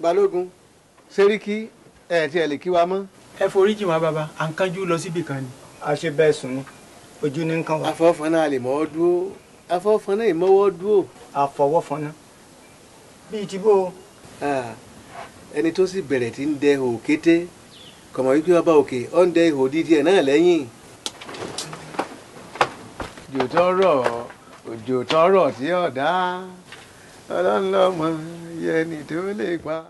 balógun sẹ́ríkì ẹ̀ tí ẹ lè kí wa mọ́. ẹ foríjì wá bàbá à ń kánjú lọ síbì kan ni. a ṣe bẹ́ẹ̀ sùn ni ojú ní nǹkan wa. afọwọ́fọ́nà àlè mọ́wọ́ dúró afọwọ́fọ́nà ìmọ́wọ́ dúró. àfọwọ́fọ́nà bíi ti bó o. ẹni tó sì bẹ̀rẹ̀ tí ń dẹ òkété kọ̀mọ̀ wípé ọba òkè ọ̀ ń dẹ ihò dídí ẹ̀ náà lẹ́yìn. jòtọ́ rọ̀ òjò tọ́rọ̀ tí ọ̀dá ọlọ́run lọ́mọ ẹni tó lè pa.